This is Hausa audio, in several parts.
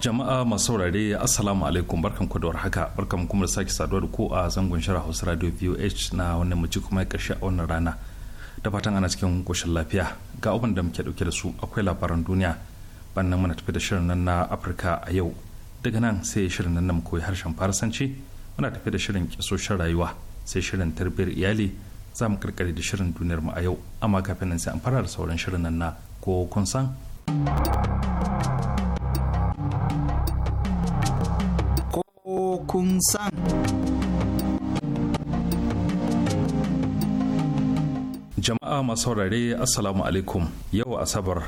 jama'a masu saurare assalamu alaikum barkan ku da warhaka barkan kuma da sake saduwa da ku a zangon shirin hausa radio vh na wannan mace kuma ya karshe a wannan rana da fatan ana cikin koshin lafiya ga abin da muke dauke da su akwai labaran duniya bannan muna tafi da shirin nan na afirka a yau daga nan sai shirin nan na mu koyi harshen farasanci muna tafi da shirin kisoshin rayuwa sai shirin tarbiyyar iyali za mu karkare da shirin duniyar mu a yau amma kafin nan sai an fara da sauran shirin nan na ko kun san san jama'a masu saurare assalamu alaikum yau asabar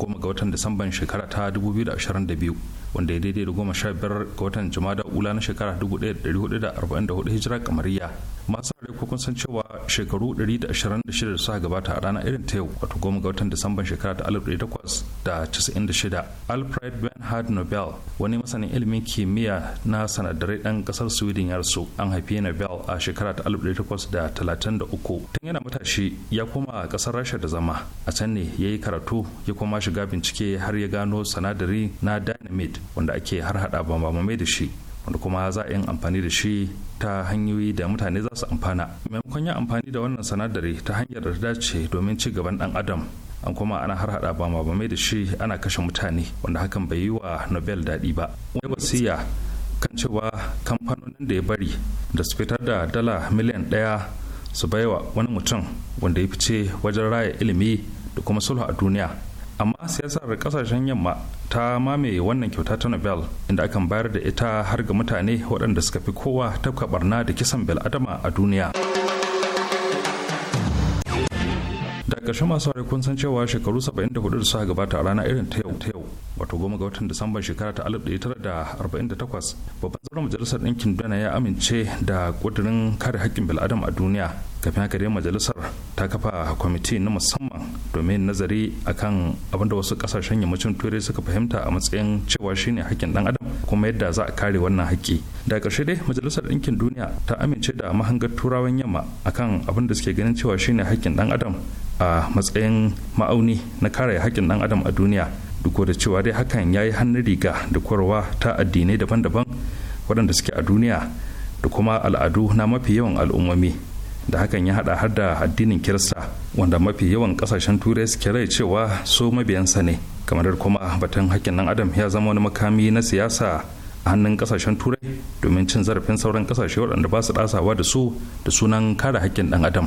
goma ga watan disamban shekara ta 2022 wanda ya daidai da goma sha biyar ga watan jama'a ula na shekara 1444 hijirar kamariya masu saurare ko kun san cewa shekaru 126 da suka gabata a ranar irin ta yau wato goma ga watan disamban shekara ta 1896 alfred bernhard nobel wani masanin ilimin kimiyya na sanadarai dan kasar sweden ya rasu an haifi nobel a shekara ta 1833 tun yana matashi ya koma kasar rasha da zama a can ne ya yi karatu ya kuma shiga bincike har ya gano sanadari na dynamite wanda ake har hada bambamame da shi wanda kuma za a yi amfani da shi ta hanyoyi da mutane za su amfana maimakon yin amfani da wannan sanadari ta hanyar da dace domin ci gaban dan adam an kuma ana har hada ba ma da shi ana kashe mutane wanda hakan bai yi wa nobel daɗi ba wani wasiya kan cewa kamfanonin da ya bari da su fitar da dala miliyan ɗaya su baiwa wani mutum wanda ya fice wajen raya ilimi da kuma sulhu a duniya amma siyasar kasashen yamma ta mamaye wannan kyauta ta nobel inda akan bayar da ita har ga mutane waɗanda suka fi kowa tafka barna da kisan adama a duniya da ƙarshe masu ware kun san cewa shekaru 74 da suka gabata a rana irin ta yau ta yau wato goma ga watan disamban shekara ta 1948 babban zauren majalisar ɗinkin duniya ya amince da ƙudurin kare haƙƙin bil'adam a duniya kafin haka dai majalisar ta kafa kwamiti na musamman domin nazari akan abinda wasu kasashen yammacin turai suka fahimta a matsayin cewa shine hakkin dan adam kuma yadda za a kare wannan haƙƙi da ƙarshe dai majalisar ɗinkin duniya ta amince da mahangar turawan yamma akan abinda da suke ganin cewa shine hakkin dan adam a matsayin ma'auni na kare hakkin dan adam a duniya duk da cewa dai hakan ya yi hannun riga da kwarwa ta addinai daban-daban waɗanda suke a duniya da kuma al'adu na mafi yawan al'ummomi da hakan ya hada har da addinin kirista wanda mafi yawan kasashen turai suke rai cewa su mabiyansa ne kamar kuma batun hakkin nan adam ya zama wani makami na siyasa a hannun kasashen turai domin cin zarafin sauran kasashe waɗanda ba su ɗasawa da su da sunan kare hakkin ɗan adam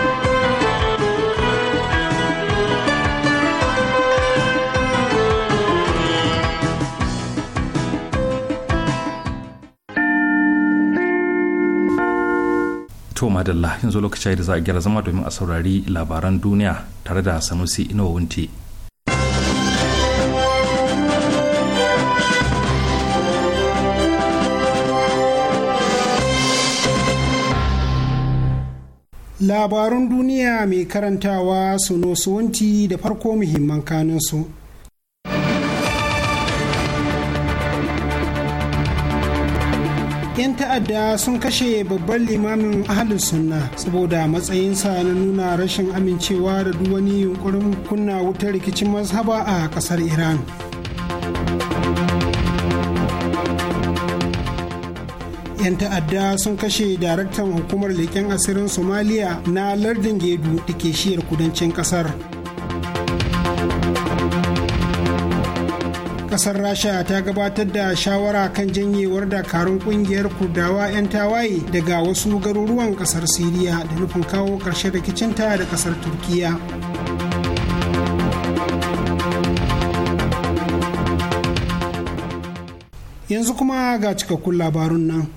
to madalla yanzu lokaci da za a gyara zama domin a saurari labaran duniya tare da sanusi inuwa wunti labarun duniya mai karantawa su wunti da farko muhimman kanunsu 'yan ta'adda sun kashe babban limamin ahalin sunna saboda matsayinsa na nuna rashin amincewa da duk wani yunkurin kunna wutar rikicin mazhaba a kasar iran yan ta'adda sun kashe daraktan hukumar leƙen asirin somaliya na lardin gedu da ke shiyar kudancin kasar kasar rasha ta gabatar da shawara kan janyewar dakarun kungiyar kurdawa 'yan tawaye daga wasu garuruwan kasar siriya da nufin kawo ƙarshen rikicinta da kasar turkiya yanzu kuma ga cikakkun labarun nan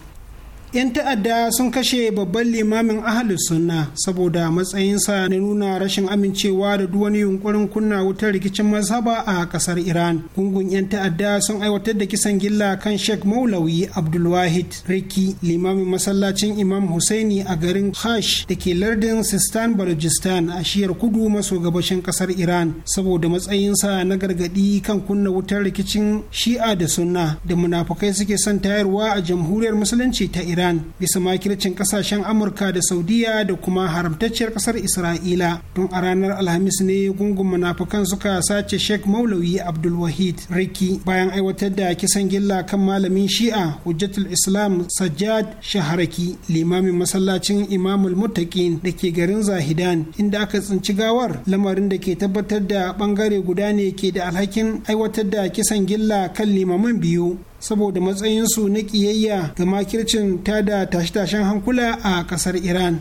'yan ta'adda sun kashe babban limamin ahalus sunna saboda matsayinsa na nuna rashin amincewa da duk wani yunkurin kunna wutar rikicin mazhaba a kasar iran gungun 'yan ta'adda sun aiwatar da kisan gilla kan sheikh maulawi abdulwahid riki limamin masallacin imam husaini a garin hash da ke lardin sistan balojistan a shiyar kudu maso gabashin kasar iran saboda matsayinsa na gargadi kan kunna wutar rikicin shi'a da sunna da munafukai suke son tayarwa a jamhuriyar musulunci ta iran iran bisa makircin kasashen amurka da saudiya da kuma haramtacciyar kasar isra'ila tun a ranar alhamis ne gungun munafukan suka sace sheikh maulawi abdulwahid riki bayan aiwatar da kisan gilla kan malamin shi'a hujjatul islam sajjad shaharaki limamin masallacin imamul muttaqin da ke garin zahidan inda aka tsinci gawar lamarin da ke tabbatar da bangare guda ne ke da alhakin aiwatar da kisan gilla kan limamin biyu saboda matsayinsu na ƙiyayya ga makircin da tashe-tashen hankula a kasar iran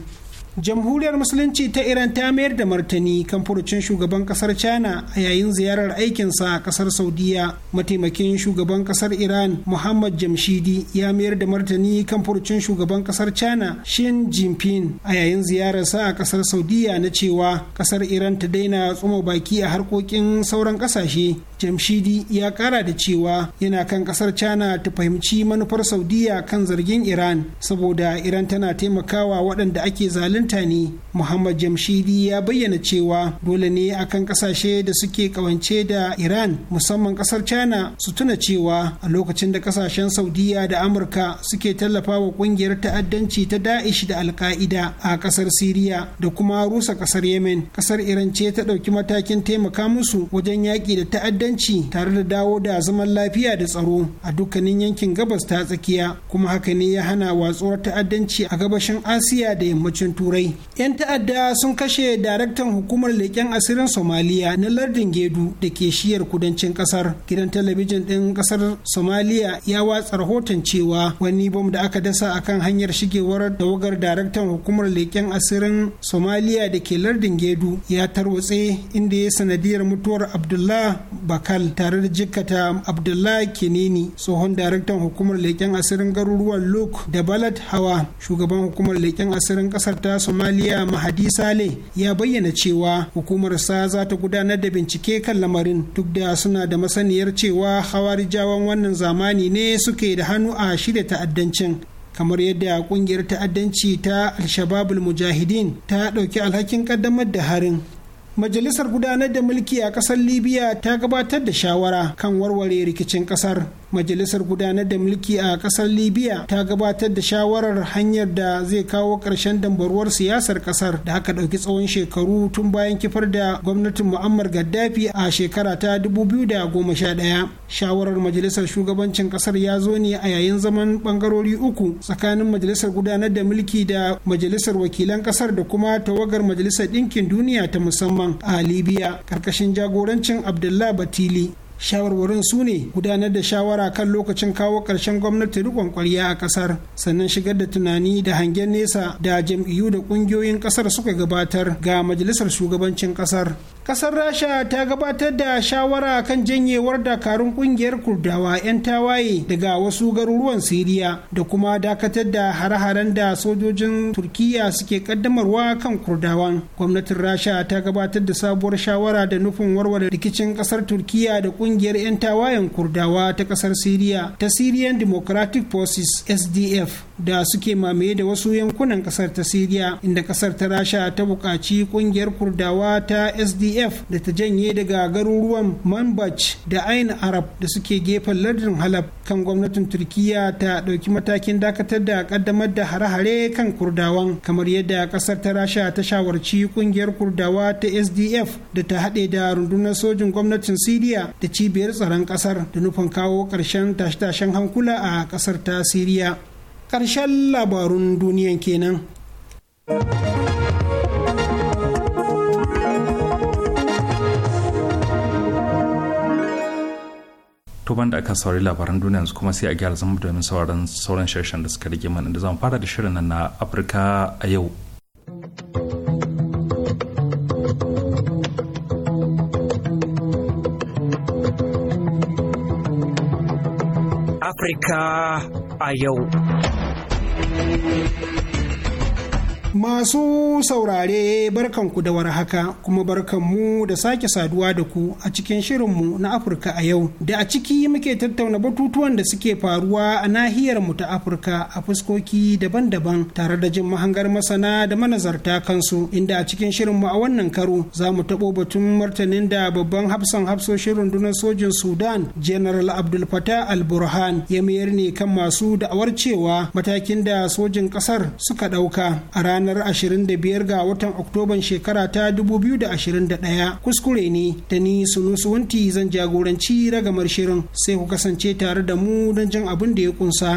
jamhuriyar musulunci ta iran ta mayar da martani kan furucin shugaban kasar china a yayin ziyarar aikinsa a kasar saudiya mataimakin shugaban kasar iran muhammad jamshidi ya mayar da martani kan furucin shugaban kasar china shin jinping a yayin ziyararsa a kasar saudiya na cewa kasar iran ta daina tsoma baki a harkokin sauran kasashe jamshidi ya kara da cewa yana kan kasar china ta fahimci manufar saudiya kan zargin iran saboda iran tana taimakawa waɗanda ake zalunta ne muhammad jamshidi ya bayyana cewa dole ne a kan kasashe da suke kawance da iran musamman kasar china su tuna cewa a lokacin da kasashen saudiya da amurka suke tallafa wa kungiyar ta'addanci ta da'ish da alka'ida a kasar siriya da kuma rusa kasar yemen kasar iran ce ta ɗauki matakin taimaka musu wajen yaƙi da ta'addanci ta'addanci tare da dawo da zaman lafiya da tsaro a dukkanin yankin gabas ta tsakiya kuma haka ne ya hana watsuwar ta'addanci a gabashin asiya da yammacin turai yan ta'adda sun kashe daraktan hukumar leƙen asirin somaliya na lardin gedu da ke shiyar kudancin kasar gidan talabijin ɗin ƙasar somaliya ya watsa rahoton cewa wani bom da aka dasa akan hanyar shigewar tawagar daraktan hukumar leƙen asirin somaliya da ke lardin gedu ya tarwatse inda ya sanadiyar mutuwar abdullah bakal tare da jikata abdullahi kinini tsohon daraktan hukumar leƙen asirin garuruwan luke da balad hawa shugaban hukumar leƙen asirin ƙasar ta somaliya mahadi sale ya bayyana cewa hukumar sa za ta gudanar da bincike kan lamarin duk da suna da masaniyar cewa hawarijawan wannan zamani ne suke da hannu a shirya ta'addancin kamar yadda kungiyar ta'addanci ta al mujahidin ta dauki alhakin ƙaddamar da harin Majalisar gudanar da mulki a ƙasar Libya ta gabatar da shawara kan warware rikicin ƙasar majalisar gudanar da mulki a kasar libya ta gabatar da shawarar hanyar da zai kawo ƙarshen dambaruwar siyasar kasar da haka ɗauki tsawon shekaru tun bayan kifar da gwamnatin mu'ammar gaddafi a shekara ta 2011 shawarar majalisar shugabancin kasar ya zo ne a yayin zaman ɓangarori uku tsakanin majalisar gudanar da mulki da majalisar wakilan kasar da kuma tawagar majalisar ɗinkin duniya ta musamman a libya ƙarƙashin jagorancin abdullah batili shawarwarin su ne gudanar da shawara kan lokacin kawo ƙarshen gwamnati rikon kwarya a ƙasar sannan shigar da tunani da hangen nesa da jam'iyyu da ƙungiyoyin ƙasar suka gabatar ga majalisar shugabancin ƙasar kasar rasha ta gabatar da shawara kan janyewar dakarun ƙungiyar kurdawa 'yan tawaye daga wasu garuruwan siriya da kuma dakatar da hare-haren da sojojin turkiya suke kaddamarwa kan kurdawan gwamnatin rasha ta gabatar da sabuwar shawara da nufin warware rikicin ƙasar turkiya da ƙungiyar. kungiyar 'yan tawayen kurdawa ta kasar siriya ta syrian democratic forces sdf da suke mamaye da wasu yankunan kasar ta siriya inda kasar ta rasha ta buƙaci ƙungiyar kurdawa ta sdf da ta janye daga garuruwan manbaj da ain arab da suke gefen lardin halab kan gwamnatin turkiya ta ɗauki matakin dakatar da ƙaddamar da hare-hare kan kurdawan kamar yadda kasar ta rasha ta shawarci ƙungiyar kurdawa ta sdf da ta haɗe da rundunar sojin gwamnatin siriya da cibiyar tsaron ƙasar da nufin kawo ƙarshen tashe-tashen hankula a ƙasar ta siriya karshen labarun duniya kenan. tuban da aka saurari labaran duniya yanzu kuma sai a gyara zama domin sauran sauran shirshen da suka rage mana da zan fara da shirin nan na afirka a yau afirka a yau Thank you. Masu saurare barkanku da war haka kuma mu da sake saduwa da ku a cikin shirin mu na Afirka a yau da a ciki muke tattauna batutuwan da suke faruwa a nahiyar mu ta Afirka a fuskoki daban-daban tare da jin mahangar masana da manazarta kansu inda a cikin shirin mu a wannan karo za mu taɓo batun martanin da babban hafsan hafsoshin rundunar sojin Sudan General Abdul Fattah Al-Burhan ya mayar ne kan masu da'awar cewa matakin da sojin ƙasar suka ɗauka a ranar ranar 25 ga watan oktoban shekara ta 2021 kuskure ne da ni sunusuwanti zan jagoranci ragamar shirin sai ku kasance tare da mu don jan abin da ya kunsa.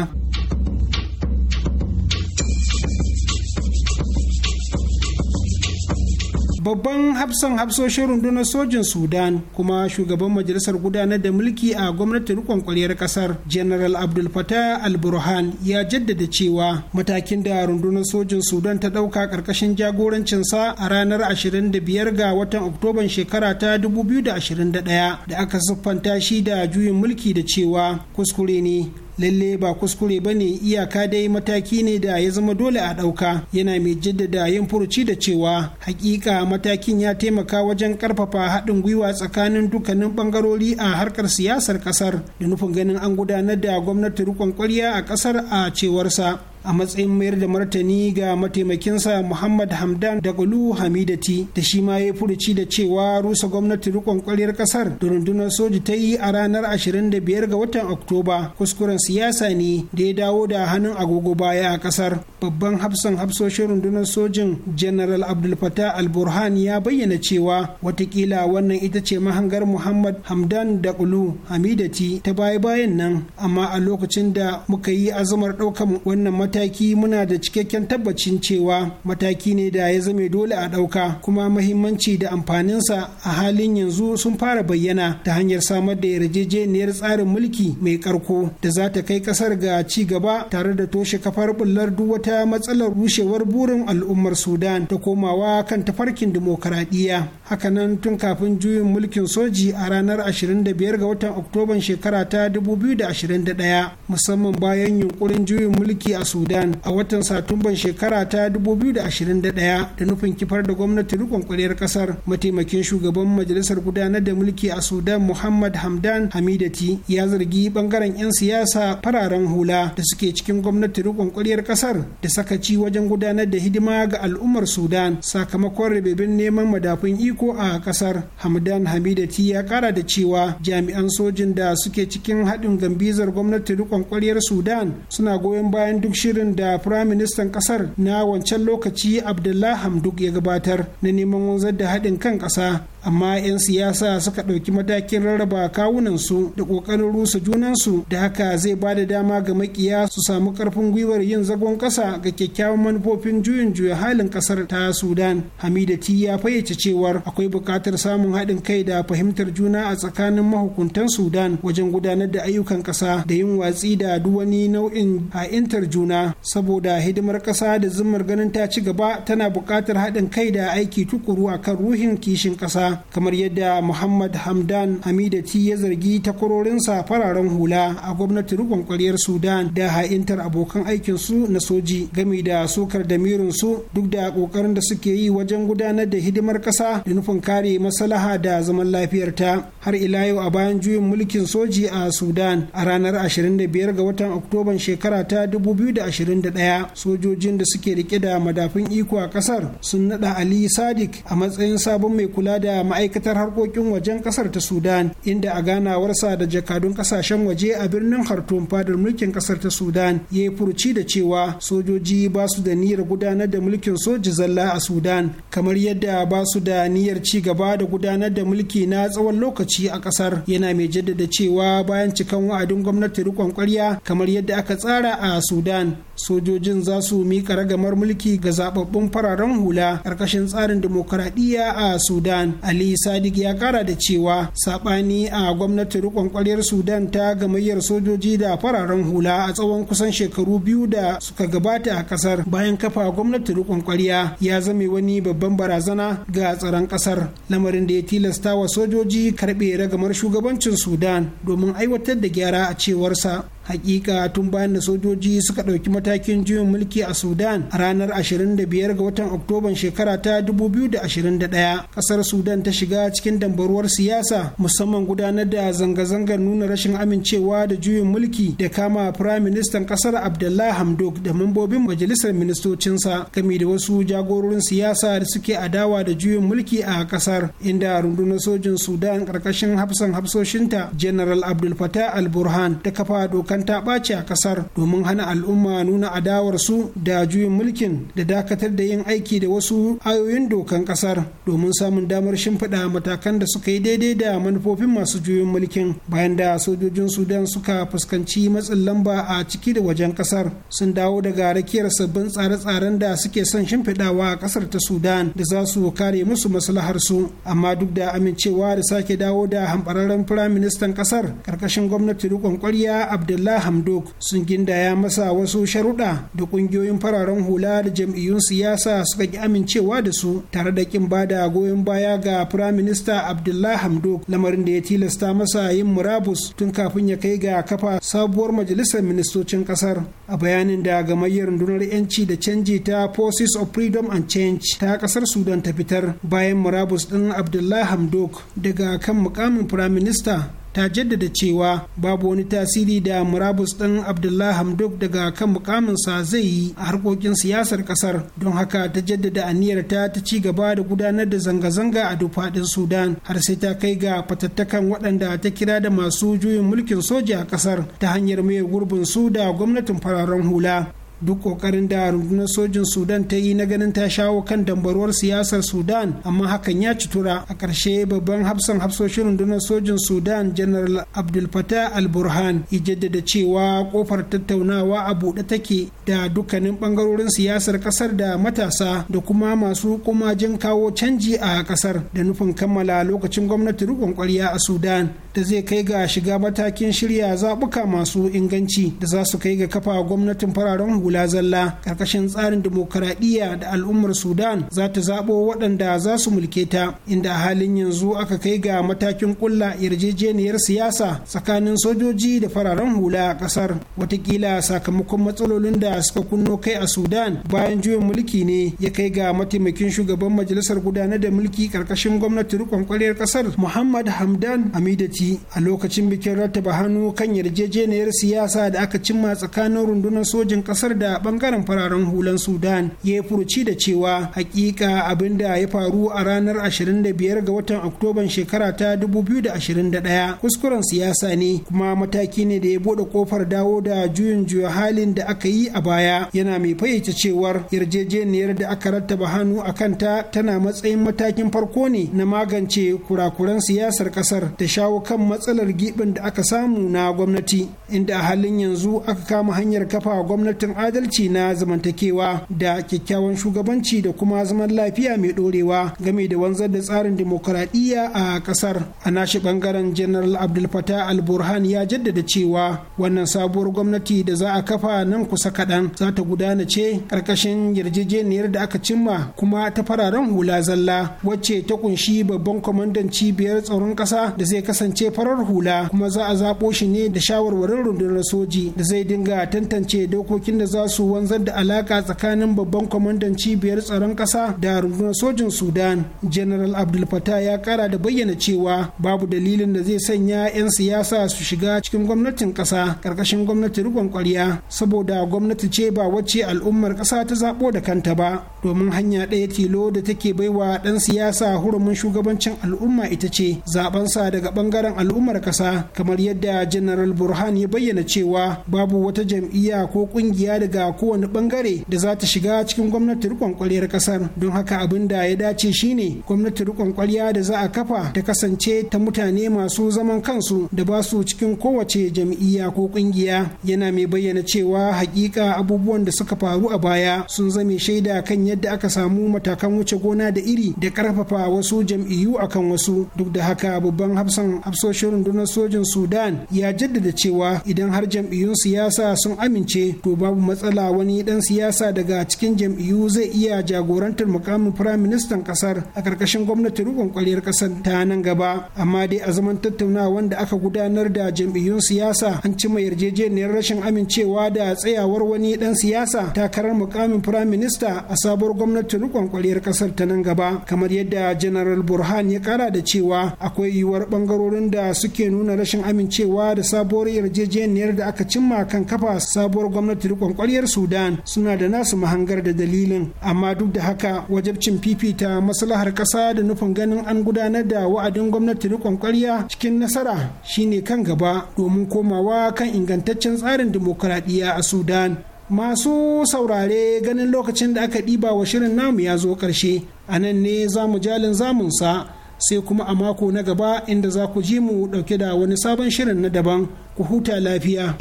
babban hafsan hafsoshin rundunar sojin sudan kuma shugaban majalisar gudanar da mulki a gwamnatin rikon kwaryar kasar general abdul fatah al-burhan ya jaddada cewa matakin da rundunar sojin sudan ta dauka karkashin jagorancinsa a ranar 25 ga watan oktoban shekara ta 2021 da aka siffanta shi da juyin mulki da cewa kuskure ne lalle ba kuskure ba ne iyaka dai mataki ne da ya zama dole a ɗauka yana mai jaddada yin furuci da cewa hakika matakin ya taimaka wajen karfafa haɗin gwiwa tsakanin dukkanin ɓangarori a harkar siyasar ƙasar da nufin ganin an gudanar da gwamnati rikon ƙwarya a ƙasar a cewarsa a matsayin mayar da martani ga mataimakinsa muhammad hamdan da gulu hamidati da shi ma ya furuci da cewa rusa gwamnati rikon kwaliyar kasar da rundunar soji ta yi a ranar 25 ga watan oktoba kuskuren siyasa ne da ya dawo da hannun agogo baya a kasar babban hafsan hafsoshin rundunar sojin general abdul fattah al burhan ya bayyana cewa watakila wannan ita ce mahangar muhammad hamdan da gulu hamidati ta baya bayan nan amma a lokacin da muka yi azumar ɗaukar wannan mata mataki muna da cikakken tabbacin cewa mataki ne da ya zame dole a ɗauka kuma mahimmanci da amfaninsa a halin yanzu sun fara bayyana ta hanyar samar da yarjejeniyar tsarin mulki mai karko da za ta kai ƙasar ga ci gaba tare da toshe kafar bullar duk wata matsalar rushewar burin al'ummar sudan ta komawa kan tafarkin dimokuraɗiyya hakanan tun kafin juyin mulkin soji a ranar 25 ga watan oktoban shekara ta 2021 musamman bayan yunkurin juyin mulki a sudan sudan a watan satumban shekara ta 2021 da nufin kifar da gwamnati rikon kwaliyar kasar mataimakin shugaban majalisar gudanar da mulki a sudan muhammad hamdan hamidati ya zargi bangaren 'yan siyasa fararen hula da suke cikin gwamnati rikon kwaliyar kasar da sakaci wajen gudanar da hidima ga al'ummar sudan sakamakon rababin neman madafun iko a kasar hamdan hamidati ya kara da cewa jami'an sojin da suke cikin haɗin gambizar gwamnati rikon kwaliyar sudan suna goyon bayan duk shirin da firaministan kasar na wancan lokaci abdullah hamduk ya gabatar na neman wanzar da haɗin kan ƙasa amma 'yan siyasa suka ɗauki matakin rarraba kawunansu da ƙoƙarin rusa junansu da haka zai ba da dama ga makiya su samu ƙarfin gwiwar yin zagon ƙasa ga kyakkyawan manufofin juyin juya halin ƙasar ta sudan hamida ti ya fayyace cewar akwai buƙatar samun haɗin kai da fahimtar juna a tsakanin mahukuntan sudan wajen gudanar da ayyukan ƙasa da yin watsi da duwani nau'in ha'intar juna saboda hidimar ƙasa da zumar ganin ta ci gaba tana buƙatar haɗin kai da aiki tukuru akan ruhin kishin ƙasa kamar yadda muhammad hamdan hamidati ya zargi takwarorinsa fararen hula a gwamnatin rikon kwaryar sudan da ha'intar abokan aikinsu na soji game da sukar su duk da kokarin da suke yi wajen gudanar da hidimar kasa da nufin kare maslaha da zaman lafiyarta har ila yau a bayan juyin mulkin soji a sudan a ranar 25 ga watan oktoban shekara ta 2021 sojojin da suke rike da madafin iko a kasar sun nada ali sadik a matsayin sabon mai kula da da ma'aikatar harkokin wajen kasar ta sudan inda a ganawarsa da jakadun kasashen waje a birnin khartoum fadar mulkin kasar ta sudan ya yi furuci da cewa sojoji ba su da niyyar gudanar da mulkin soji zalla a sudan kamar yadda ba su da niyyar ci gaba da gudanar da mulki na tsawon lokaci a kasar yana mai jaddada cewa bayan cikan wa'adin gwamnati rikon kwarya kamar yadda aka tsara a sudan sojojin za su miƙa ragamar mulki ga zababbun fararen hula ƙarƙashin tsarin dimokuraɗiyya a sudan ali sadiq ya kara da cewa sabani a gwamnati rikon kwaryar sudan ta gamayyar sojoji da fararen hula a tsawon kusan shekaru biyu da suka gabata a kasar bayan kafa gwamnati rikon kwarya ya zame wani babban barazana ga tsaron kasar lamarin da ya tilasta wa sojoji karbe ragamar shugabancin sudan domin aiwatar da gyara a cewarsa hakika tun bayan da sojoji suka ɗauki matakin juyin mulki a sudan a ranar 25 ga watan oktoban shekara ta 2021 kasar sudan ta shiga cikin dambaruwar siyasa musamman gudanar da zanga-zangar nuna rashin amincewa da juyin mulki da kama firayim ministan ƙasar abdullah hamdok da mambobin majalisar ministocinsa game da wasu jagororin siyasa da suke adawa da juyin mulki a kasar inda rundunar sojin sudan ƙarƙashin hafsan hafsoshinta general abdul fatah al-burhan ta kafa dokar dokan ta ɓace a ƙasar domin hana al'umma nuna adawarsu da juyin mulkin da dakatar da yin aiki da wasu ayoyin dokan ƙasar domin samun damar shimfiɗa matakan da suka yi daidai da manufofin masu juyin mulkin bayan da sojojin sudan suka fuskanci matsin lamba a ciki da wajen ƙasar sun dawo daga rakiyar sabbin tsare-tsaren da suke son shimfiɗawa a ƙasar ta sudan da za su kare musu maslaharsu amma duk da amincewa da sake dawo da hambararren firaministan ƙasar ƙarƙashin gwamnati riƙon ƙwarya abdullahi Abdullahi Hamdok sun gindaya masa wasu sharuɗa da ƙungiyoyin fararen hula da jam'iyyun siyasa suka ki amincewa da su tare da kin bada goyon baya ga Firaminista Abdullah Hamdok lamarin da ya tilasta masa yin murabus tun kafin ya kai ga kafa sabuwar majalisar ministocin ƙasar. A bayanin da gamayyar rundunar 'yanci da canji ta Forces of Freedom and Change ta ƙasar Sudan ta fitar bayan murabus ɗin Abdullah Hamdok daga kan mukamin Firaminista ta jaddada cewa babu wani tasiri da murabus ɗin abdullah hamdok daga kan mukaminsa zai yi a harkokin siyasar kasar. don haka ta jaddada aniyarta ta ci gaba da gudanar da zanga-zanga a duk sudan har sai ta kai ga fatattakan waɗanda ta kira da masu juyin mulkin soja a kasar ta hanyar mai gurbin su da gwamnatin fararen hula duk kokarin da rundunar sojin sudan ta yi na ganin ta shawo kan dambarwar siyasar sudan amma hakan ya ci tura a ƙarshe babban hafsan hafsoshin rundunar sojin sudan general abdul fatah al burhan ya jaddada cewa kofar tattaunawa a buɗe take da dukkanin ɓangarorin siyasar ƙasar da matasa da kuma masu kumajin kawo canji a ƙasar da nufin kammala lokacin gwamnati riƙon ƙwarya a sudan da zai kai ga shiga matakin shirya zaɓuka masu inganci da za su kai ga kafa gwamnatin fararen hula zalla karkashin tsarin dimokuraɗiyya da al'ummar sudan za ta zaɓo waɗanda za su mulke ta inda a halin yanzu aka kai ga matakin ƙulla yarjejeniyar siyasa tsakanin sojoji da fararen hula a ƙasar watakila sakamakon matsalolin da suka kunno kai a sudan bayan juyin mulki ne ya kai ga mataimakin shugaban majalisar gudanar da mulki karkashin gwamnati rikon kwaryar kasar muhammad hamdan amidati a lokacin bikin rattaba hannu kan yarjejeniyar siyasa da aka cimma tsakanin rundunar sojin kasar da bangaren fararen hulan sudan ya yi furuci da cewa hakika abin da ya faru a ranar 25 ga watan oktoban shekara ta 2021 kuskuren siyasa ne kuma mataki ne da ya bude kofar dawo da juyin juya halin da aka yi a baya yana mai fayyace cewar yarjejeniyar da aka rattaba hannu a kanta tana matsayin matakin farko ne na magance kurakuran siyasar kasar da shawo kan matsalar gibin da aka samu na gwamnati inda a halin yanzu aka kama hanyar kafa gwamnatin adalci na zamantakewa da kyakkyawan shugabanci da kuma zaman lafiya mai dorewa game da wanzar da tsarin demokuraɗiyya a ƙasar a nashi ɓangaren general abdul fatah al-burhan ya jaddada cewa wannan sabuwar gwamnati da za a kafa nan kusa kaɗan za ta gudana ce ƙarƙashin yarjejeniyar da aka cimma kuma ta fararen hula zalla wacce ta kunshi babban kwamandan cibiyar tsaron ƙasa da zai kasance farar hula kuma za a zaɓo shi ne da shawarwarin rundunar soji da zai dinga tantance dokokin da za za su wanzar da alaka tsakanin babban kwamandan cibiyar tsaron ƙasa da rundunar sojin sudan general abdul fatah ya kara da bayyana cewa babu dalilin da zai sanya 'yan siyasa su shiga cikin gwamnatin ƙasa ƙarƙashin gwamnati rikon ƙwarya saboda gwamnati ce ba wacce al'ummar ƙasa ta zaɓo da kanta ba domin hanya ɗaya tilo da take baiwa ɗan siyasa hurumin shugabancin al'umma ita ce zaɓensa daga ɓangaren al'ummar ƙasa kamar yadda general burhan ya bayyana cewa babu wata jam'iyya ko ƙungiya da daga kowane bangare da za ta shiga cikin gwamnatin rikon kwaryar kasar don haka abin da ya dace shine gwamnatin rikon kwarya da za a kafa ta kasance ta mutane masu zaman kansu da ba su cikin kowace jam'iyya ko kungiya yana mai bayyana cewa hakika abubuwan da suka faru a baya sun zame shaida kan yadda aka samu matakan wuce gona da iri da karfafa wasu jam'iyyu akan wasu duk da haka babban hafsan hafsoshin rundunar sojin sudan ya jaddada cewa idan har jam'iyyun siyasa sun amince to babu matsala wani dan siyasa daga cikin jam'iyyu zai iya jagorantar mukamin firaministan ministan kasar a karkashin gwamnatin rikon kwaliyar kasar ta nan gaba amma dai a zaman tattaunawa wanda aka gudanar da jam'iyyun siyasa an ci mai yarjejeniyar rashin amincewa da tsayawar wani dan siyasa takarar mukamin firayim a sabuwar gwamnatin rikon kwaliyar kasar ta nan gaba kamar yadda general burhan ya kara da cewa akwai yiwuwar bangarorin da suke nuna rashin amincewa da sabuwar yarjejeniyar da aka cimma kan kafa sabuwar gwamnatin rikon wariyar sudan suna da nasu mahangar da dalilin amma duk da haka wajabcin fifita maslahar ƙasa da nufin ganin an gudanar da wa'adin gwamnati riƙon ƙwarya cikin nasara shine kan gaba domin komawa kan ingantaccen tsarin dimokuraɗiyya a sudan masu saurare ganin lokacin da aka ɗiba wa shirin namu ya zo ƙarshe a nan ne za mu jalin zamunsa sai kuma a mako na gaba inda za ku ji mu ɗauke da wani sabon shirin na daban ku huta lafiya.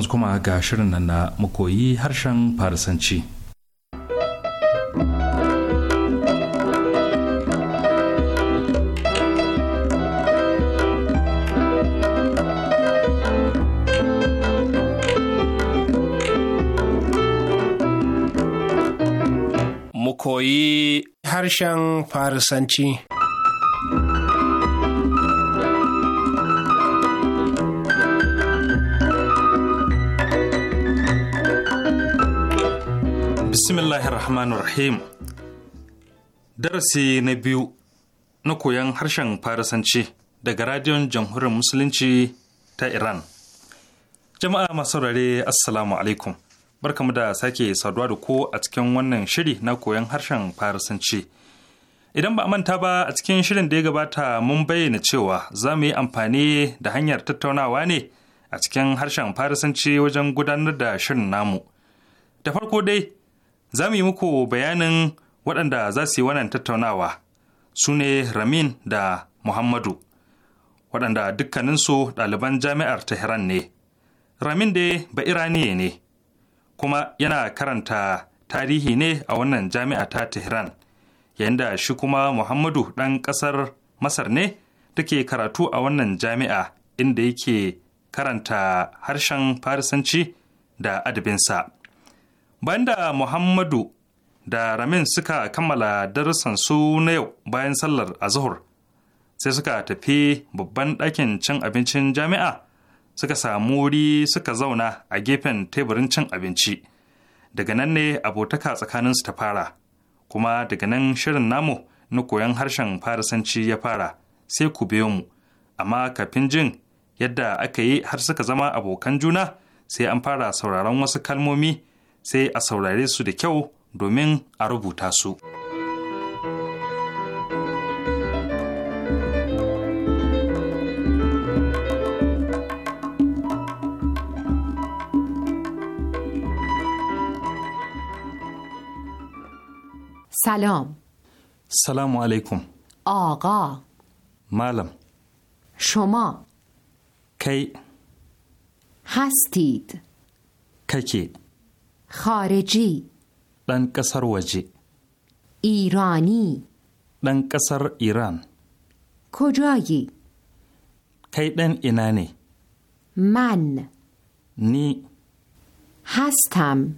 to kuma ga shirin nan na koyi harshen farisanci koyi harshen farisanci. rahmanir rahim darasi na biyu na koyon harshen farisanci daga radiyon jamhuriyar musulunci ta iran jama'a masu rare assalamu alaikum barkamu da sake saduwa da ko a cikin wannan shiri na koyon harshen farisanci idan ba a manta ba a cikin shirin da ya gabata mun bayyana cewa za mu yi amfani da hanyar tattaunawa ne a cikin harshen farisanci wajen gudanar da shirin namu da farko dai za mu yi muku bayanin waɗanda za su yi wannan tattaunawa su ne ramin da muhammadu waɗanda dukkaninsu ɗaliban jami'ar tehran ne ramin da ba iraniye ne kuma yana karanta tarihi ne a wannan jami'a ta tehran yayin da shi kuma muhammadu ɗan ƙasar masar ne take karatu a wannan jami'a inda yake karanta harshen farisanci da adabinsa. banda muhammadu da ramin suka kammala darussan su na yau bayan sallar azhur sai suka tafi babban ɗakin cin abincin jami'a suka samu wuri suka zauna a gefen teburin cin abinci daga nan ne abotaka tsakaninsu ta fara kuma daga nan shirin namu na koyon harshen farisanci ya fara sai ku biyo mu amma kafin jin yadda aka yi har suka zama abokan juna sai an fara sauraron wasu kalmomi sai a saurare su da kyau domin a rubuta su. سلام سلام علیکم آقا معلم شما کی هستید ککی خارجی دان کسر وجه ایرانی دان کسر ایران کجایی؟ کی دن اینانی من نی هستم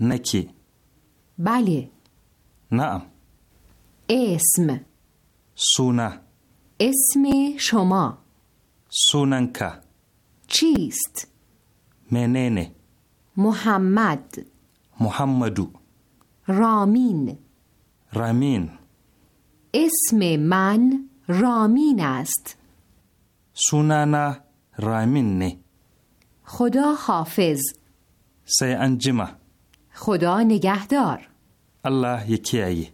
نکی بله نعم اسم سونا اسم شما سوننکا چیست؟ مننه محمد محمدو رامین رامین اسم من رامین است سونانا رامین نه خدا حافظ سی انجمه خدا نگهدار الله یکی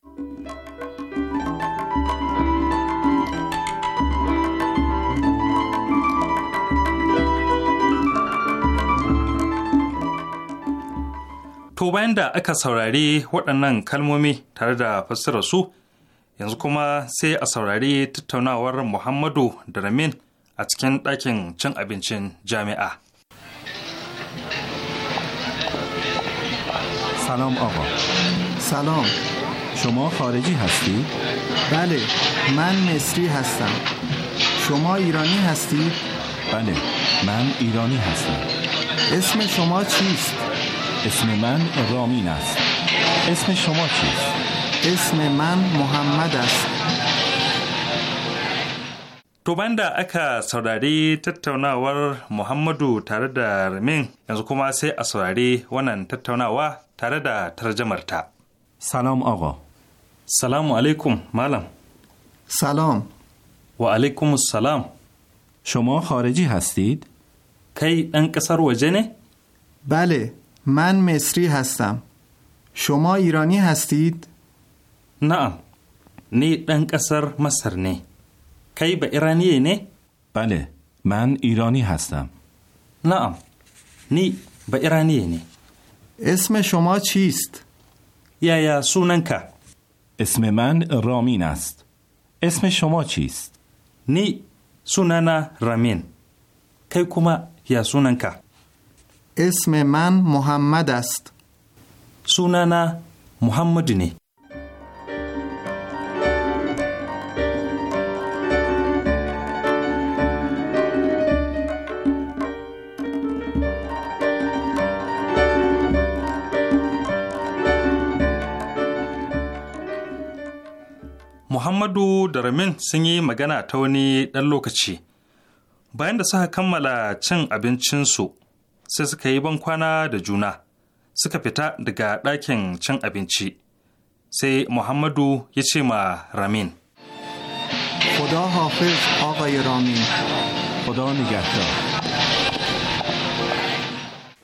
To bayan da aka saurari waɗannan kalmomi tare da fassarar su, yanzu kuma sai a saurari tattaunawar Muhammadu da Ramin a cikin ɗakin cin abincin jami'a. سلام آقا سلام شما خارجی هستی؟ بله من مصری هستم شما ایرانی هستی؟ بله من ایرانی هستم اسم شما چیست؟ اسم من رامین است اسم شما چیست؟ اسم من محمد است To banda aka saurari tattaunawar Muhammadu tare da Ramin yanzu kuma sai a saurari wannan tattaunawa tare da tarjamarta. Salam aga. Salamu alaikum malam. سلام و علیکم السلام شما خارجی هستید؟ کی ان کسر وجنه؟ Bale. من مصری هستم شما ایرانی هستید؟ نه نی دن قصر مصر نی. کی به ایرانی نه؟ بله من ایرانی هستم نه نی به ایرانی نه اسم شما چیست؟ یا یا سوننکا. اسم من رامین است اسم شما چیست؟ نی سونانا رامین کی کما یا سوننکا؟ اسم من محمد است سونانا محمد نی Muhammadu da Ramin sun yi magana ta wani ɗan lokaci. Bayan da suka kammala cin abincinsu, sai suka yi bankwana da juna suka fita daga ɗakin cin abinci sai muhammadu ya ce ma ramin خدا حافظ ramin, رامین خدا نگهدار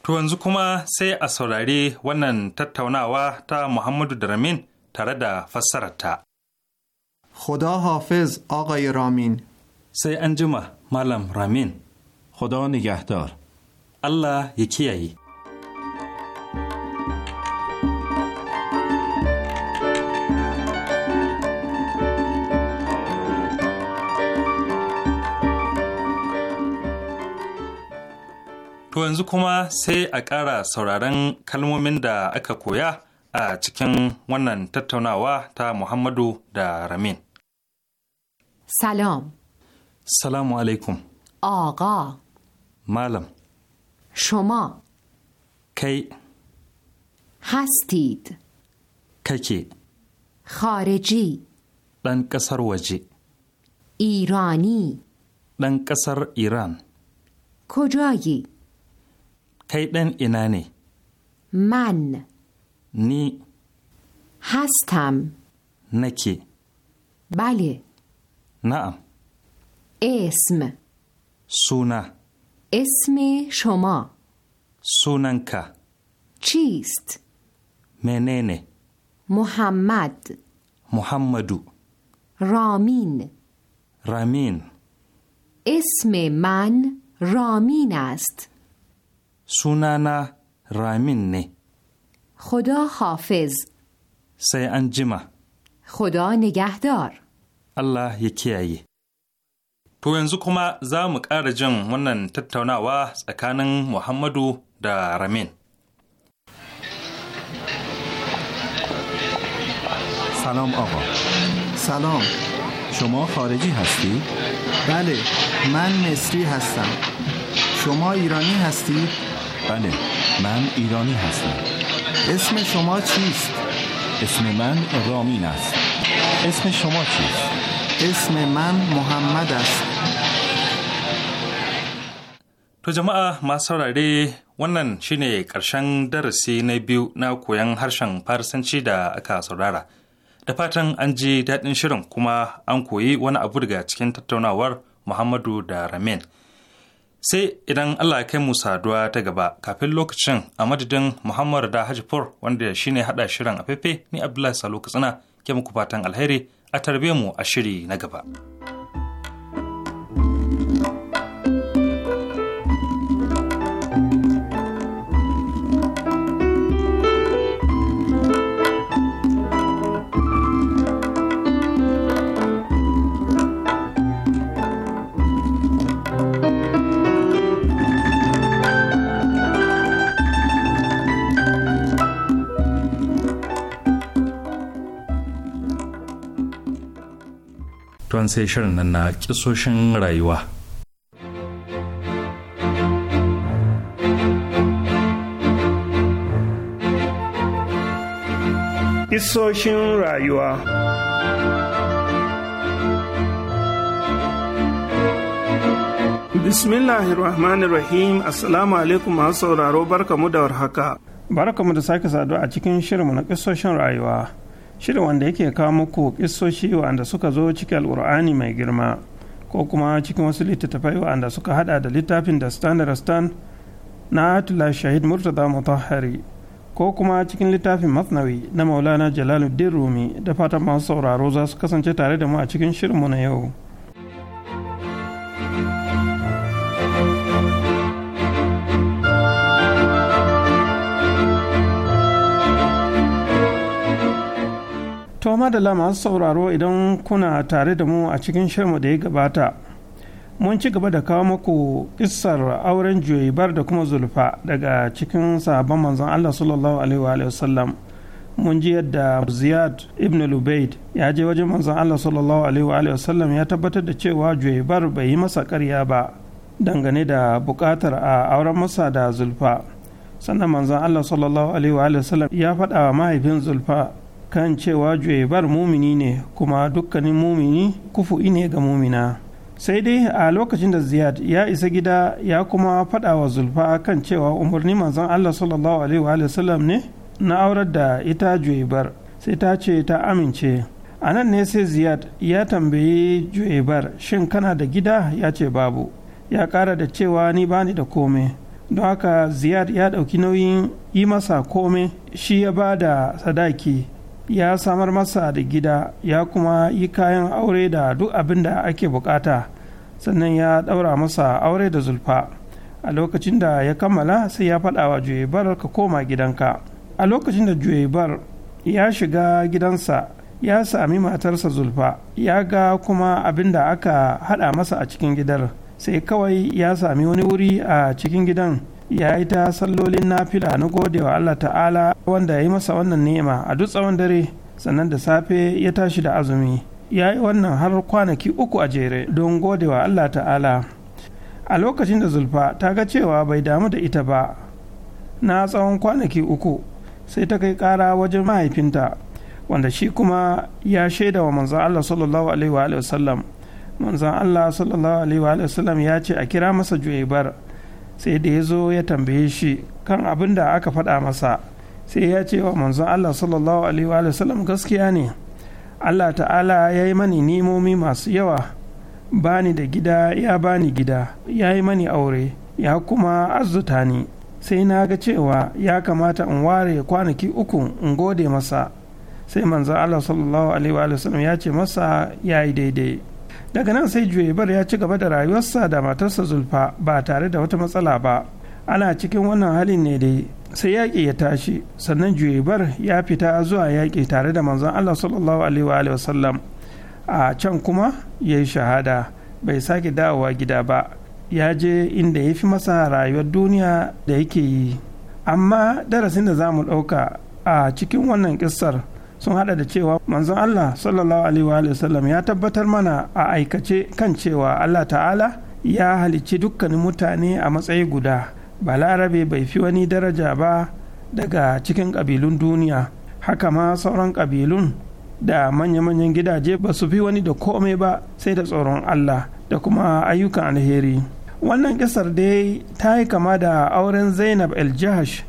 To yanzu kuma sai a saurari wannan tattaunawa ta Muhammadu da Ramin tare da fassararta. Khuda hafiz Agay Ramin. Sai an jima Malam Ramin. Khuda nigahdar. Allah ya kiyaye. To yanzu kuma sai a ƙara sauraron kalmomin da aka koya a cikin wannan tattaunawa ta Muhammadu da Ramin. Salam. Salamu alaikum. Aga. Malam. شما کی هستید ککی خارجی دن وجی ایرانی دن ایران کجایی کی دن اینانی من نی هستم نکی بله نعم اسم سونه اسم شما سوننکا چیست؟ مننه محمد محمدو رامین رامین اسم من رامین است سونانا رامین نه خدا حافظ سی انجمه خدا نگهدار الله یکی To yanzu kuma za mu ƙara jin wannan tattaunawa tsakanin Muhammadu da Ramin. سلام آقا سلام شما خارجی هستی؟ بله من مصری هستم شما ایرانی هستی؟ بله من ایرانی هستم اسم شما چیست؟ اسم من رامین است اسم شما چیست؟ اسم من محمد است To jama'a masu saurare wannan shine ƙarshen darasi na biyu na koyon harshen Farisanci da aka saurara. Da fatan an ji daɗin shirin kuma an koyi wani abu daga cikin tattaunawar Muhammadu da Ramin. Sai idan Allah kai mu saduwa ta gaba kafin lokacin a madadin Muhammadu da Hajifor wanda shine haɗa shirin a ni Abdullahi Salo Katsina ke muku fatan alheri a tarbe mu a shiri na gaba. to sai shirin nan na kisoshin rayuwa Kisoshin rayuwa Bismillahirrahmanirrahim Assalamu alaikum masu sauraro barkamu da warhaka. Barkamu da sake saduwa a cikin shirinmu na kisoshin rayuwa. shirin wanda yake kawo muku kissoshi wanda suka zo cikin alkur'ani mai girma ko kuma cikin wasu littattafai wanda suka hada da littafin da standard stand na atula shahid murtaza mutahari ko kuma cikin littafin masnawi na maulana jalaluddin rumi da fatan masu sauraro za su kasance tare da mu a cikin shirinmu na yau. To madalla masu sauraro idan kuna tare da mu a cikin shirmu da ya gabata. Mun ci gaba da kawo muku kissar auren juyibar da kuma zulfa daga cikin sabon manzon Allah sallallahu alaihi wa Mun ji yadda Ziyad ibn Lubaid ya je wajen manzon Allah sallallahu alaihi wa ya tabbatar da cewa juyibar bai yi masa karya ba dangane da buƙatar a auren masa da zulfa. Sannan manzon Allah sallallahu alaihi wa ya faɗa wa mahaifin zulfa kan cewa juwebar mumini ne kuma dukkanin mumini kufu ne ga mumina sai dai a lokacin da ziyad ya isa gida ya kuma fada wa zulfa kan cewa umarni manzon allah sallallahu alaihi wa ne na aurar da ita juwebar sai ta ce ta amince a nan ne sai ziyad ya tambayi juwebar shin kana da gida ya ce babu ya kara da cewa ni bani da komai don haka ziyad ya ɗauki nauyin yi masa komai shi ya ba da sadaki ya samar masa da gida ya kuma yi kayan aure da duk abin da ake bukata sannan ya daura masa aure da zulfa a lokacin da ya kammala sai ya faɗa wa juyebar ka koma gidanka a lokacin da juyebar ya shiga gidansa ya sami matarsa zulfa ya ga kuma abin da aka haɗa masa a cikin gidar sai kawai ya sami wani wuri a cikin gidan ya yi ta sallolin nafila na godewa Allah ta'ala wanda ya yi masa wannan ni'ima a duk tsawon dare sannan da safe ya tashi da azumi ya yi wannan har kwanaki uku a jere don godewa Allah ta'ala a lokacin da zulfa ta ga cewa bai damu da ita ba na tsawon kwanaki uku sai ta kai kara wajen mahaifinta wanda shi kuma ya shaida wa manzan Allah sallallahu alaihi wa sallam manzan Allah sallallahu alaihi wa sallam ya ce a kira masa bar. sai da ya zo ya tambaye shi kan abin da aka faɗa masa sai ya ce wa manzon Allah sallallahu alaihi wa sallam gaskiya ne Allah ta'ala ya yi mani nimomi masu yawa bani da gida ya bani gida ya yi mani aure ya kuma azuta ni sai na ga cewa ya kamata in ware kwanaki uku in gode masa sai manzon Allah sallallahu alaihi wa sallam ya ce masa ya yi daidai daga nan sai juyebar ya ci gaba da rayuwarsa da matarsa zulfa ba tare da wata matsala ba ana cikin wannan halin ne dai sai yaƙi ya tashi sannan juyebar ya fita zuwa yaƙi tare da manzon allah sallallahu alaihi wasallam a can kuma ya yi shahada bai sake dawowa gida ba ya je inda ya fi masa rayuwar duniya da yake yi amma darasin da za mu ɗauka a cikin wannan ƙissar sun hada da cewa manzon Allah sallallahu alaihi wa sallam ya tabbatar mana a aikace kan cewa Allah ta'ala ya halicci dukkanin mutane a matsayi guda ba larabe bai fi wani daraja ba daga cikin ƙabilun duniya haka ma sauran ƙabilun da manya-manyan gidaje ba su fi wani da komai ba sai da tsoron Allah da kuma ayyukan alheri wannan kisar dai ta yi kama da auren zainab el jahash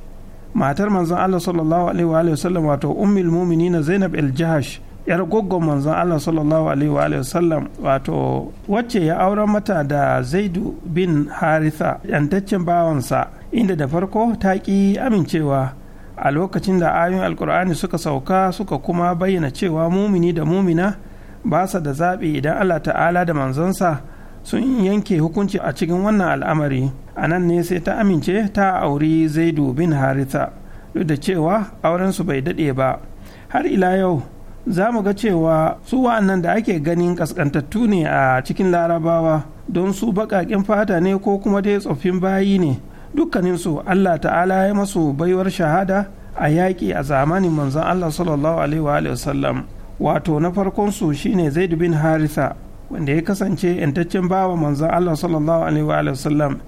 matar manzon Allah sallallahu alaihi wa sallam wato ummul mu'minin Zainab al-Jahash yar goggon manzon Allah sallallahu alaihi wa sallam wato wacce ya aure mata da Zaidu bin Haritha yantaccen bawansa inda da farko ta ki amincewa a lokacin da ayoyin alkur'ani suka sauka suka kuma bayyana cewa mumini da mumina ba sa da zaɓi idan Allah ta'ala da manzonsa sun yanke hukunci a cikin wannan al'amari a nan ne sai ta amince ta auri zaidu bin haritha duk da cewa aurensu bai daɗe ba har ila yau za mu ga cewa su wa'annan da ake ganin kaskantattu ne a cikin larabawa don su baƙaƙen fata ne ko kuma dai tsoffin bayi ne dukkaninsu allah ta'ala ya masu baiwar shahada a yaƙi a zamanin manzon allah sallallahu alaihi sallam wato na farkonsu shine zaid bin haritha wanda ya kasance yantaccen bawa manzon Allah sallallahu alaihi wa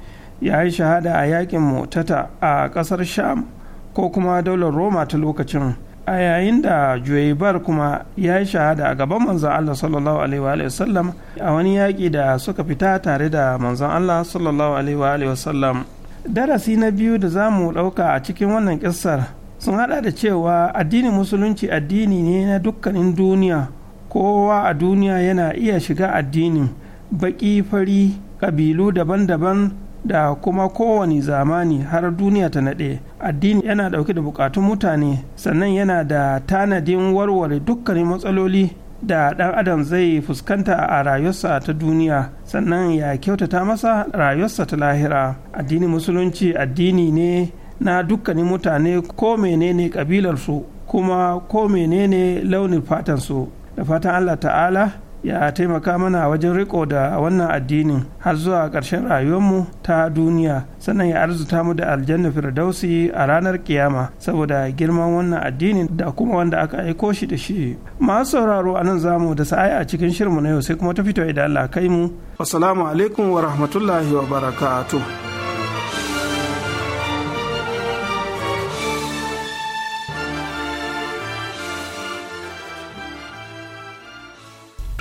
ya yi shahada a yakin mutata a kasar sham ko kuma daular roma ta lokacin a yayin da juwaibar kuma ya yi shahada a gaban manzon Allah sallallahu alaihi wa a wani yaƙi da suka fita tare da manzon Allah sallallahu alaihi wa darasi na biyu da za mu ɗauka a cikin wannan ƙissar sun hada da cewa addinin musulunci addini ne na dukkanin duniya kowa a duniya yana iya shiga addinin baƙi fari kabilu daban-daban da kuma kowane zamani har duniya ta naɗe addini yana ɗauke da buƙatun mutane sannan yana da tanadin warware dukkanin matsaloli da ɗan adam zai fuskanta a rayuwarsa ta duniya sannan ya kyautata masa rayuwarsa ta lahira addini musulunci addini ne na dukkanin mutane ko menene ƙabilarsu kuma ko menene launin fatansu da fatan allah ta'ala ya taimaka mana wajen riko da wannan addinin har zuwa ƙarshen rayuwarmu ta duniya sannan ya arzuta mu da aljanna firdausi a ranar kiyama saboda girman wannan addinin da kuma wanda aka aiko shi da shi masu sauraro a nan zamu da sa'ai a cikin shirmu na yau sai kuma ta fito idan Allah kai mu assalamu alaikum wa rahmatullahi wa barakatuh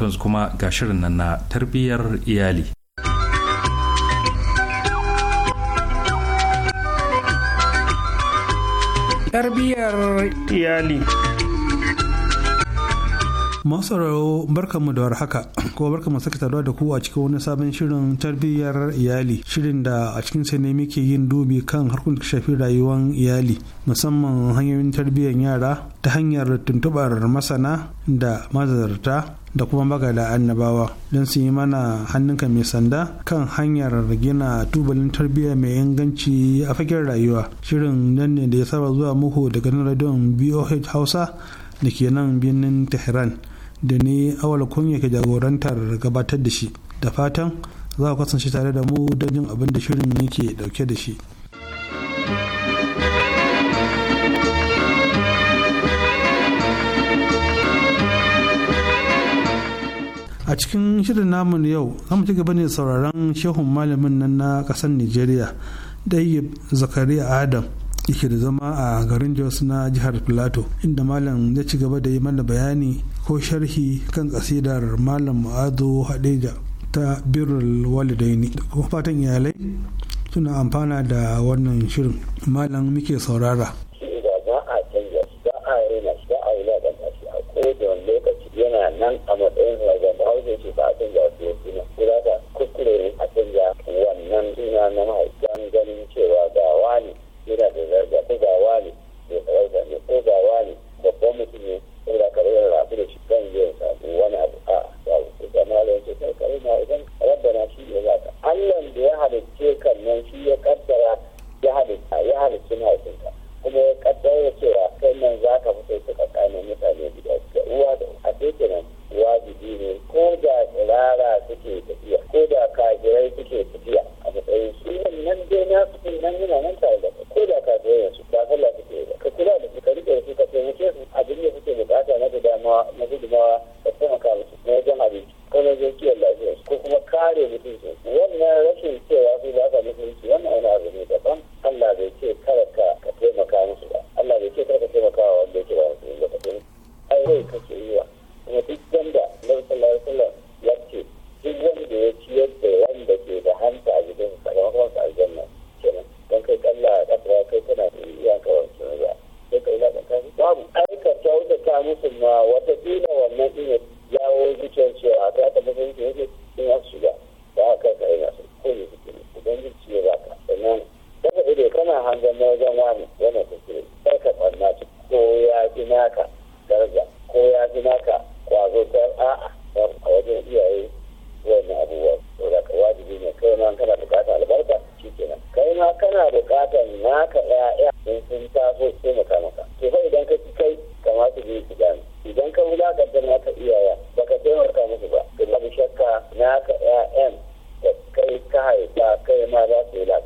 to yanzu kuma ga shirin nan na tarbiyyar iyali tarbiyyar iyali masarau barkanmu da warhaka kuma barkanmu saka saduwa da ku a cikin wani sabon shirin tarbiyyar iyali shirin da a cikin sa ne muke yin dubi kan harkun da shafi rayuwar iyali musamman hanyoyin tarbiyyar yara ta hanyar tuntubar masana da mazarta da kuma magada annabawa don su yi mana hannunka mai sanda kan hanyar gina tubalin tarbiyya mai inganci a fagen rayuwa shirin nan ne da ya saba zuwa muku daga nan radiyon boh hausa da ke nan birnin tehran da ni awal kunya ke jagorantar gabatar da shi da fatan za ku kasance tare da mu don jin abin da shirin yake dauke da shi a cikin shirin namu yau za mu ci gaba ne sauraron shehun malamin nan na kasar nigeria dayyib zakariya adam yake da zama a garin jos na jihar plateau inda malam ya ci gaba da yi mana bayani ko sharhi kan kasidar malam ma'azu hadeja ta birrul walidaini da kuma fatan iyalai suna amfana da wannan shirin malam muke saurara yana nan a matsayin de la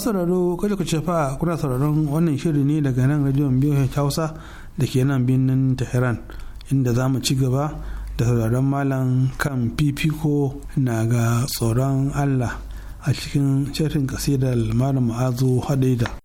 masu sauraro kada ku cefa kuna sauraron wannan shirin ne daga nan rajiyon biyu hausa da ke nan birnin tehran inda za mu ci gaba da sauraron malam kan fifiko na ga tsoron allah a cikin shirin kasidar malam ma'azu hadaida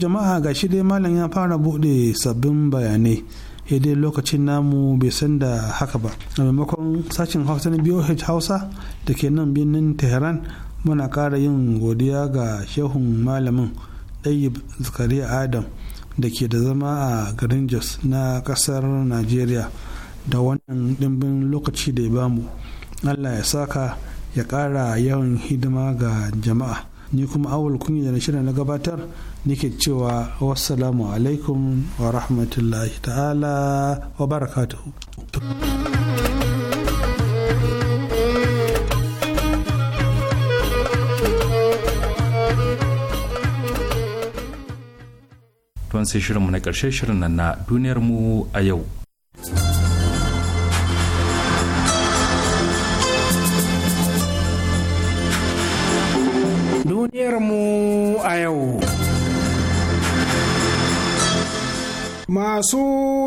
jama'a ga shi dai malam ya fara bude sabbin bayanai dai lokacin namu bai san da haka ba a maimakon sashen hausa na boh hausa da ke nan birnin tehran muna ƙara yin godiya ga shehun malamin ɗayyib zakariya adam da ke da zama a garin jos na ƙasar nigeria da wannan ɗimbin lokaci da ya bamu allah ya saka ya kara yawan hidima ga jama'a ni kuma awul kunya da na na gabatar nike cewa wassalamu alaikum wa rahmatullahi ta'ala wa barakatuhu tun sai shirinmu na ƙarshe shirin nan na duniyarmu a yau duniyarmu a yau Masu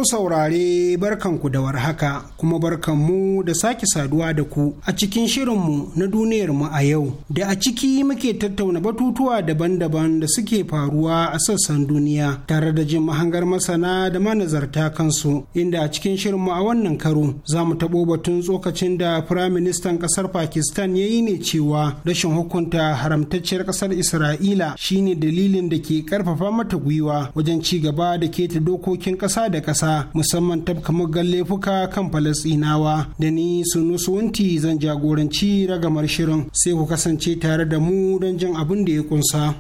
saurare barkanku da warhaka kuma barkanmu da sake saduwa da ku a cikin shirinmu na duniyarmu a yau da a ciki muke tattauna batutuwa daban-daban da suke faruwa a sassan duniya tare da jin mahangar masana da manazarta kansu inda a cikin shirinmu a wannan karo za mu taɓo batun tsokacin da firaministan ƙasar Pakistan ya yi ne cewa rashin hukunta haramtacciyar ƙasar Isra'ila shine dalilin da ke ƙarfafa mata gwiwa wajen ci gaba da keta dokokin harkokin ƙasa da ƙasa musamman tabkamar laifuka kan falasɗinawa da ni sunusuwanti zan jagoranci ragamar shirin sai ku kasance tare da mu don jin abin da ya kunsa.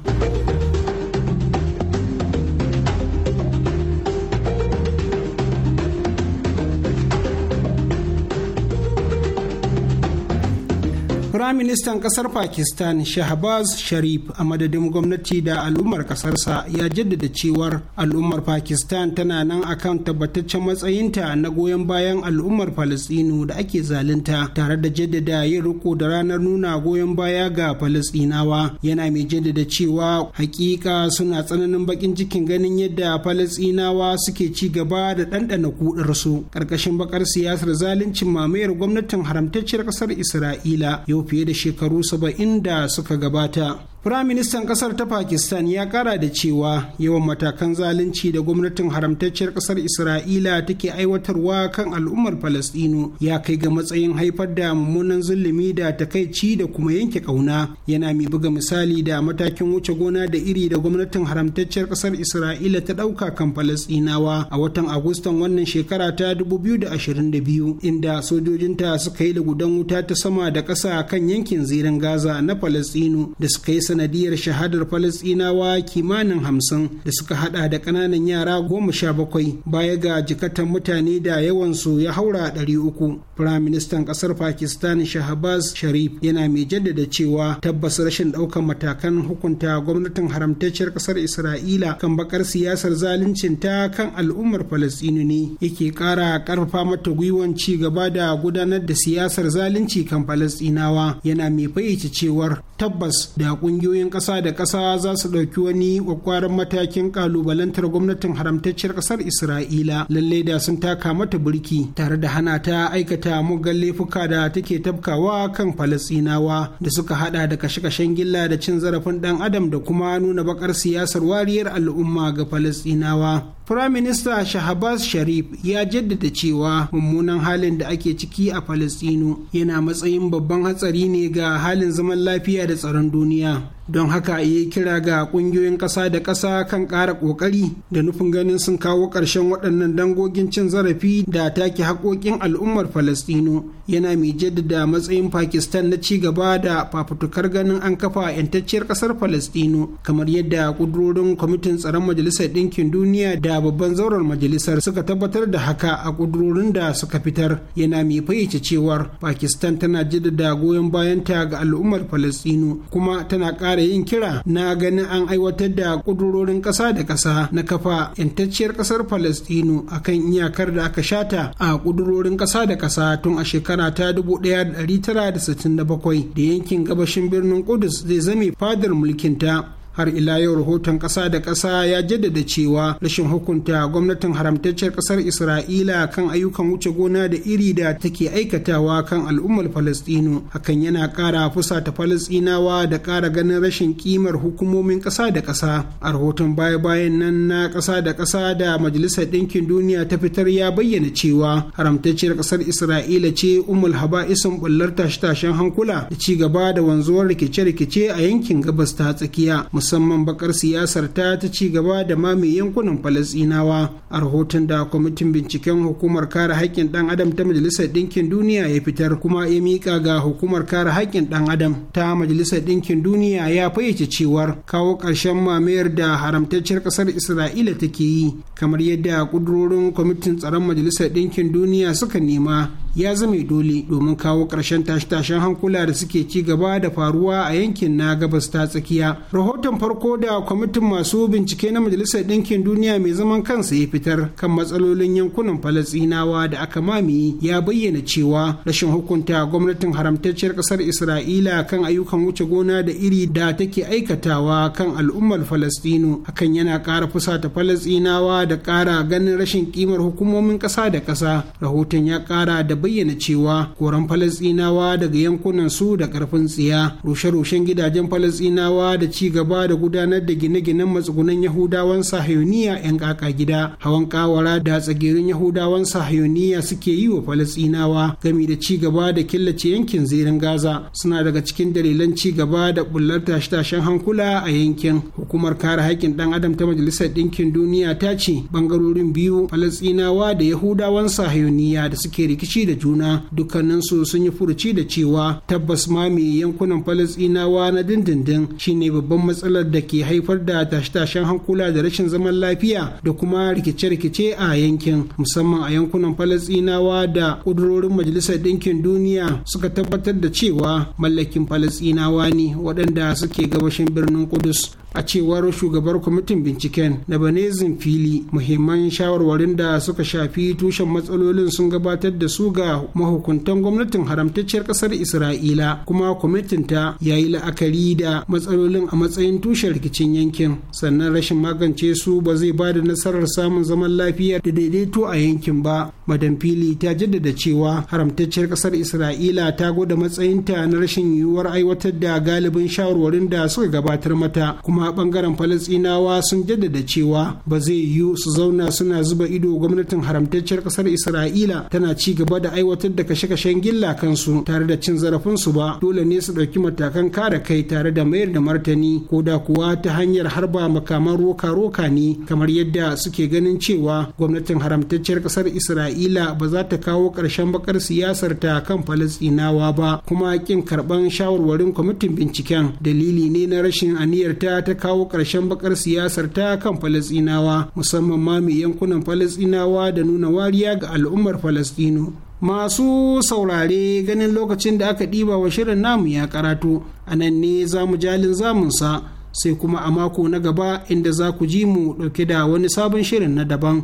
Firaministan kasar Pakistan Shahbaz Sharif a madadin gwamnati da al'ummar kasarsa ya jaddada cewar al'ummar Pakistan tana nan akan tabbataccen matsayinta na goyon bayan al'ummar Falasɗinu da ake zalunta tare da jaddada yin riko da ranar nuna goyon baya ga Falasɗinawa yana mai jaddada cewa hakika suna tsananin bakin cikin ganin yadda Falasɗinawa suke ci gaba da ɗanɗana kuɗarsu karkashin bakar siyasar zaluncin mamayar gwamnatin haramtacciyar kasar Isra'ila yau fiye fiye da shekaru saba'in da suka gabata Firaministan ƙasar ta Pakistan ya ƙara da cewa yawan matakan zalunci da gwamnatin haramtacciyar ƙasar Isra'ila take aiwatarwa kan al'ummar Falasɗinu ya kai ga matsayin haifar da mummunan zulumi da takaici da kuma yanke ƙauna. Yana mai buga misali da matakin wuce gona da iri da gwamnatin haramtacciyar ƙasar Isra'ila ta ɗauka kan Falasɗinawa a watan Agustan wannan shekara ta 2022 inda sojojinta suka yi da gudan wuta ta sama da ƙasa kan yankin zirin Gaza na Falasɗinu da suka yi sanadiyar shahadar falasɗinawa kimanin hamsin da suka hada da kananan yara goma sha bakwai baya ga jikatan mutane da yawansu ya haura ɗari uku firaministan ƙasar pakistan shahabaz sharif yana mai jaddada cewa tabbas rashin ɗaukar matakan hukunta gwamnatin haramtacciyar ƙasar isra'ila kan bakar siyasar zaluncin ta kan al'ummar falasɗinu ne yake ƙara ƙarfafa mata gwiwan ci gaba da gudanar da siyasar zalunci kan falasɗinawa yana mai fayyace cewar tabbas da ƙungiyar kungiyoyin ƙasa da ƙasa za su ɗauki wani kwakwaran matakin ƙalubalantar gwamnatin haramtacciyar ƙasar isra'ila lallai da sun taka mata birki tare da hana ta aikata mugan laifuka da take tafkawa kan falasinawa da suka hada da kashe-kashen gilla da cin zarafin ɗan adam da kuma nuna baƙar siyasar wariyar al'umma ga falastinawa. Firaminista shahabaz Sharif ya jaddada cewa mummunan halin da ake ciki a Falasɗinu yana matsayin babban hatsari ne ga halin zaman lafiya da tsaron duniya. Don haka ya kira ga ƙungiyoyin ƙasa da ƙasa kan ƙara ƙoƙari da nufin ganin sun kawo ƙarshen waɗannan dangogin cin zarafi da take haƙoƙin al'ummar Falasɗinu yana mai jaddada matsayin Pakistan na ci gaba da fafutukar ganin an kafa 'yantacciyar ƙasar Falasɗinu kamar yadda ƙudurorin kwamitin tsaron Majalisar Ɗinkin Duniya da da babban zauren majalisar suka tabbatar da haka a ƙudurorin da suka fitar yana mai fayyace cewar pakistan tana jaddada goyon bayan ta ga al'ummar falastinu kuma tana ƙara yin kira na ganin an aiwatar da ƙudurorin ƙasa da ƙasa na kafa yantacciyar ƙasar falastinu akan iyakar da aka shata a ƙudurorin ƙasa da ƙasa tun a shekara ta 1967 da yankin gabashin birnin kudus zai zame fadar mulkinta har ila yau rahoton ƙasa da ƙasa ya jaddada cewa rashin hukunta gwamnatin haramtacciyar ƙasar isra'ila kan ayyukan wuce gona da iri da take aikatawa kan al'ummar falastinu hakan yana ƙara fusata falastinawa da ƙara ganin rashin kimar hukumomin ƙasa da ƙasa a rahoton baya-bayan nan na ƙasa da ƙasa da majalisar ɗinkin duniya ta fitar ya bayyana cewa haramtacciyar ƙasar isra'ila ce umul haba'isin bullar tashe-tashen hankula da ci gaba da wanzuwar rikice-rikice a yankin gabas ta tsakiya musamman bakar siyasar ta ta ci gaba da mamaye yankunan falasinawa a rahoton da kwamitin binciken hukumar kare haƙƙin dan adam ta majalisar ɗinkin duniya ya fitar kuma ya miƙa ga hukumar kare haƙƙin dan adam ta majalisar ɗinkin duniya ya fayyace cewar kawo ƙarshen mamayar da haramtacciyar ƙasar isra'ila take yi kamar yadda ƙudurorin kwamitin tsaron majalisar ɗinkin duniya suka nema ya zame dole domin kawo ƙarshen tashe-tashen hankula da suke ci gaba da faruwa a yankin na gabas ta tsakiya rahoton rahoton farko da kwamitin masu bincike na majalisar ɗinkin duniya mai zaman kansa ya fitar kan matsalolin yankunan falasinawa da aka mamaye ya bayyana cewa rashin hukunta gwamnatin haramtacciyar ƙasar isra'ila kan ayyukan wuce gona da iri da take aikatawa kan al'ummar falastinu hakan yana ƙara fusata falasinawa da ƙara ganin rashin ƙimar hukumomin ƙasa da ƙasa rahoton ya ƙara da bayyana cewa koran falasinawa daga yankunan su da ƙarfin tsiya rushe-rushen gidajen falasinawa da ci gaba da gudanar da gine-ginen matsugunan yahudawan sahayoniya 'yan kaka gida hawan kawara da tsagerin yahudawan sahayoniya suke yi wa falasinawa gami da ci gaba da killace yankin zirin gaza suna daga cikin dalilan ci gaba da bullar tashe-tashen hankula a yankin hukumar kare haƙƙin ɗan adam ta majalisar ɗinkin duniya ta ce ɓangarorin biyu falasinawa da yahudawan sahayoniya da suke rikici da juna dukkaninsu sun yi furuci da cewa tabbas ma mai yankunan falasinawa na dindindin shine babban matsala matsalar da ke haifar da tashe-tashen hankula da rashin zaman lafiya da kuma rikice-rikice a yankin musamman a yankunan falasinawa da ƙudurorin majalisar ɗinkin duniya suka tabbatar da cewa mallakin falasinawa ne waɗanda suke gabashin birnin kudus a cewar shugabar kwamitin binciken na banezin fili muhimman shawarwarin da suka shafi tushen matsalolin sun gabatar da su ga mahukuntan gwamnatin haramtacciyar kasar isra'ila kuma kwamitin ta ya yi la'akari da matsalolin a matsayin tushen rikicin yankin sannan rashin magance su ba zai ba da nasarar samun zaman lafiya da daidaito a yankin ba madam fili ta jaddada cewa haramtacciyar kasar isra'ila ta gwada matsayinta na rashin yiwuwar aiwatar da galibin shawarwarin da suka gabatar mata kuma bangaren falasinawa sun jaddada cewa ba zai yiwu su zauna suna zuba ido gwamnatin haramtacciyar kasar isra'ila tana ci gaba da aiwatar da kashe-kashen gilla kansu tare da cin zarafinsu ba dole ne su ɗauki matakan kare kai tare da mayar da martani ko da wanda kuwa ta hanyar harba makaman roka-roka ne kamar yadda suke ganin cewa gwamnatin haramtacciyar ƙasar isra'ila ba za ta kawo ƙarshen bakar siyasar ta kan falasɗinawa ba kuma ƙin karɓan shawarwarin kwamitin binciken dalili ne na rashin aniyar ta ta kawo ƙarshen bakar siyasar ta kan falasɗinawa musamman ma mai yankunan falastinawa da nuna wariya ga al'ummar falasɗinu masu saurare ganin lokacin da aka ɗiba wa shirin namu ya karatu a nan ne za mu jalin zamunsa sai kuma a mako na gaba inda za ku ji mu ɗauke da wani sabon shirin na daban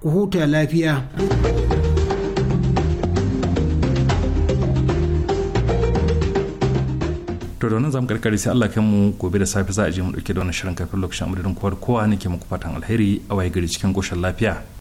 ku huta lafiya. to da wannan zamu karkare sai Allah kai mu gobe da safe za a je mu dauke da wani shirin kafin lokacin amudurin kowa ne ke muku fatan alheri a waye gari cikin koshin lafiya